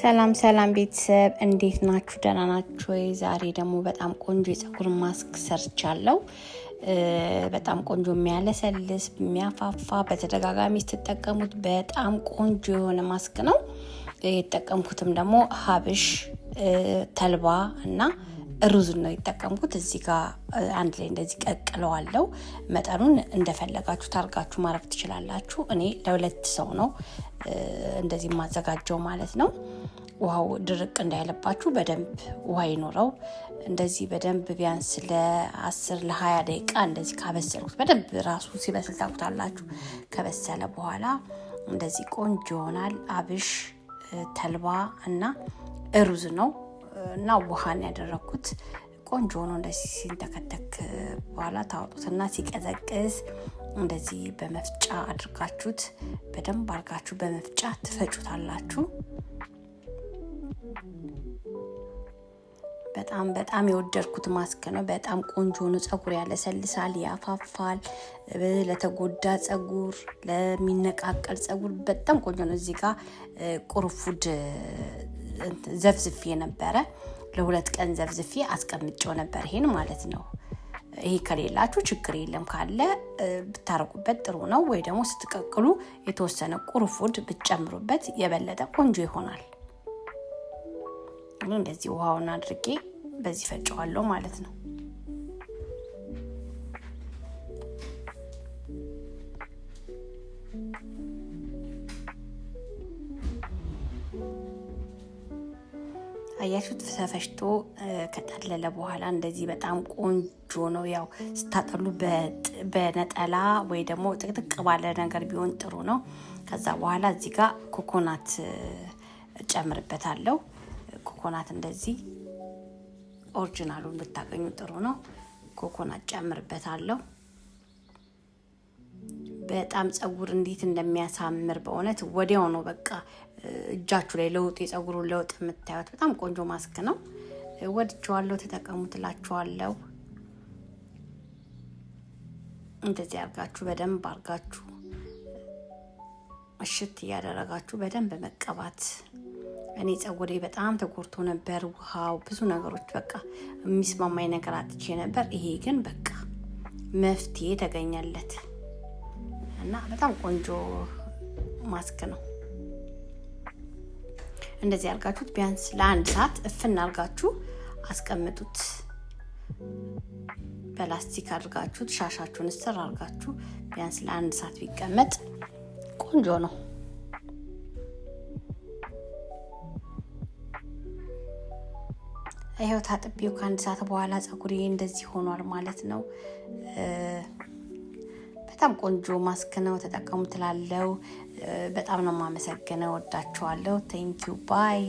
ሰላም ሰላም ቤተሰብ እንዴት ናችሁ? ደህና ናችሁ ወይ? ዛሬ ደግሞ በጣም ቆንጆ የፀጉር ማስክ ሰርቻለሁ። በጣም ቆንጆ የሚያለሰልስ የሚያፋፋ፣ በተደጋጋሚ ስትጠቀሙት በጣም ቆንጆ የሆነ ማስክ ነው። የተጠቀምኩትም ደግሞ ሀብሽ ተልባ እና ሩዝ ነው የጠቀምኩት። እዚህ ጋር አንድ ላይ እንደዚህ ቀቅለዋለው። መጠኑን እንደፈለጋችሁ ታርጋችሁ ማድረግ ትችላላችሁ። እኔ ለሁለት ሰው ነው እንደዚህ የማዘጋጀው ማለት ነው። ውሃው ድርቅ እንዳይለባችሁ በደንብ ውሃ ይኖረው። እንደዚህ በደንብ ቢያንስ ለ10 ለ20 ደቂቃ እንደዚህ ካበሰልኩት በደንብ ራሱ ሲበስል ታቁታላችሁ ከበሰለ በኋላ እንደዚህ ቆንጆ ይሆናል። አብሽ ተልባ እና ሩዝ ነው እና ውሃን ያደረግኩት ቆንጆ ሆኖ እንደዚህ ሲንተከተክ በኋላ ታወጡትና ሲቀዘቅዝ እንደዚህ በመፍጫ አድርጋችሁት በደንብ አድርጋችሁ በመፍጫ ትፈጩታላችሁ። በጣም በጣም የወደድኩት ማስክ ነው። በጣም ቆንጆ ነው። ጸጉር ያለሰልሳል፣ ያፋፋል። ለተጎዳ ጸጉር፣ ለሚነቃቀል ጸጉር በጣም ቆንጆ ነው። እዚህ ጋር ቁርፉድ ዘፍዝፌ ነበረ። ለሁለት ቀን ዘፍዝፌ አስቀምጮ ነበር። ይሄን ማለት ነው። ይሄ ከሌላችሁ ችግር የለም፣ ካለ ብታረጉበት ጥሩ ነው። ወይ ደግሞ ስትቀቅሉ የተወሰነ ቁርፉድ ብትጨምሩበት የበለጠ ቆንጆ ይሆናል። እንደዚህ ውሃውን አድርጌ በዚህ ፈጨዋለሁ ማለት ነው። አያችሁት? ተፈጭቶ ከጠለለ በኋላ እንደዚህ በጣም ቆንጆ ነው። ያው ስታጠሉ በነጠላ ወይ ደግሞ ጥቅጥቅ ባለ ነገር ቢሆን ጥሩ ነው። ከዛ በኋላ እዚህ ጋር ኮኮናት እጨምርበታለሁ። ኮኮናት እንደዚህ ኦሪጂናሉን ብታገኙ ጥሩ ነው። ኮኮናት ጨምርበታለሁ። በጣም ፀጉር እንዴት እንደሚያሳምር በእውነት ወዲያው ነው በቃ እጃችሁ ላይ ለውጥ የፀጉሩን ለውጥ የምታዩት። በጣም ቆንጆ ማስክ ነው። ወድጀዋለሁ። ተጠቀሙት እላችኋለሁ። እንደዚህ አርጋችሁ በደንብ አርጋችሁ እሽት እያደረጋችሁ በደንብ መቀባት። እኔ ጸጉሬ በጣም ተጎርቶ ነበር። ውሃው ብዙ ነገሮች በቃ የሚስማማኝ ነገር አጥቼ ነበር። ይሄ ግን በቃ መፍትሄ ተገኘለት። እና በጣም ቆንጆ ማስክ ነው። እንደዚህ አድርጋችሁት ቢያንስ ለአንድ ሰዓት እፍን አድርጋችሁ አስቀምጡት። በላስቲክ አድርጋችሁት ሻሻችሁን እስር አድርጋችሁ ቢያንስ ለአንድ ሰዓት ቢቀመጥ ቆንጆ ነው። ይኸው ታጥቢው ከአንድ ሰዓት በኋላ ፀጉሬ እንደዚህ ሆኗል ማለት ነው። በጣም ቆንጆ ማስክ ነው፣ ተጠቀሙ ትላለው። በጣም ነው የማመሰግነው። ወዳችኋለሁ። ቴንኪዩ ባይ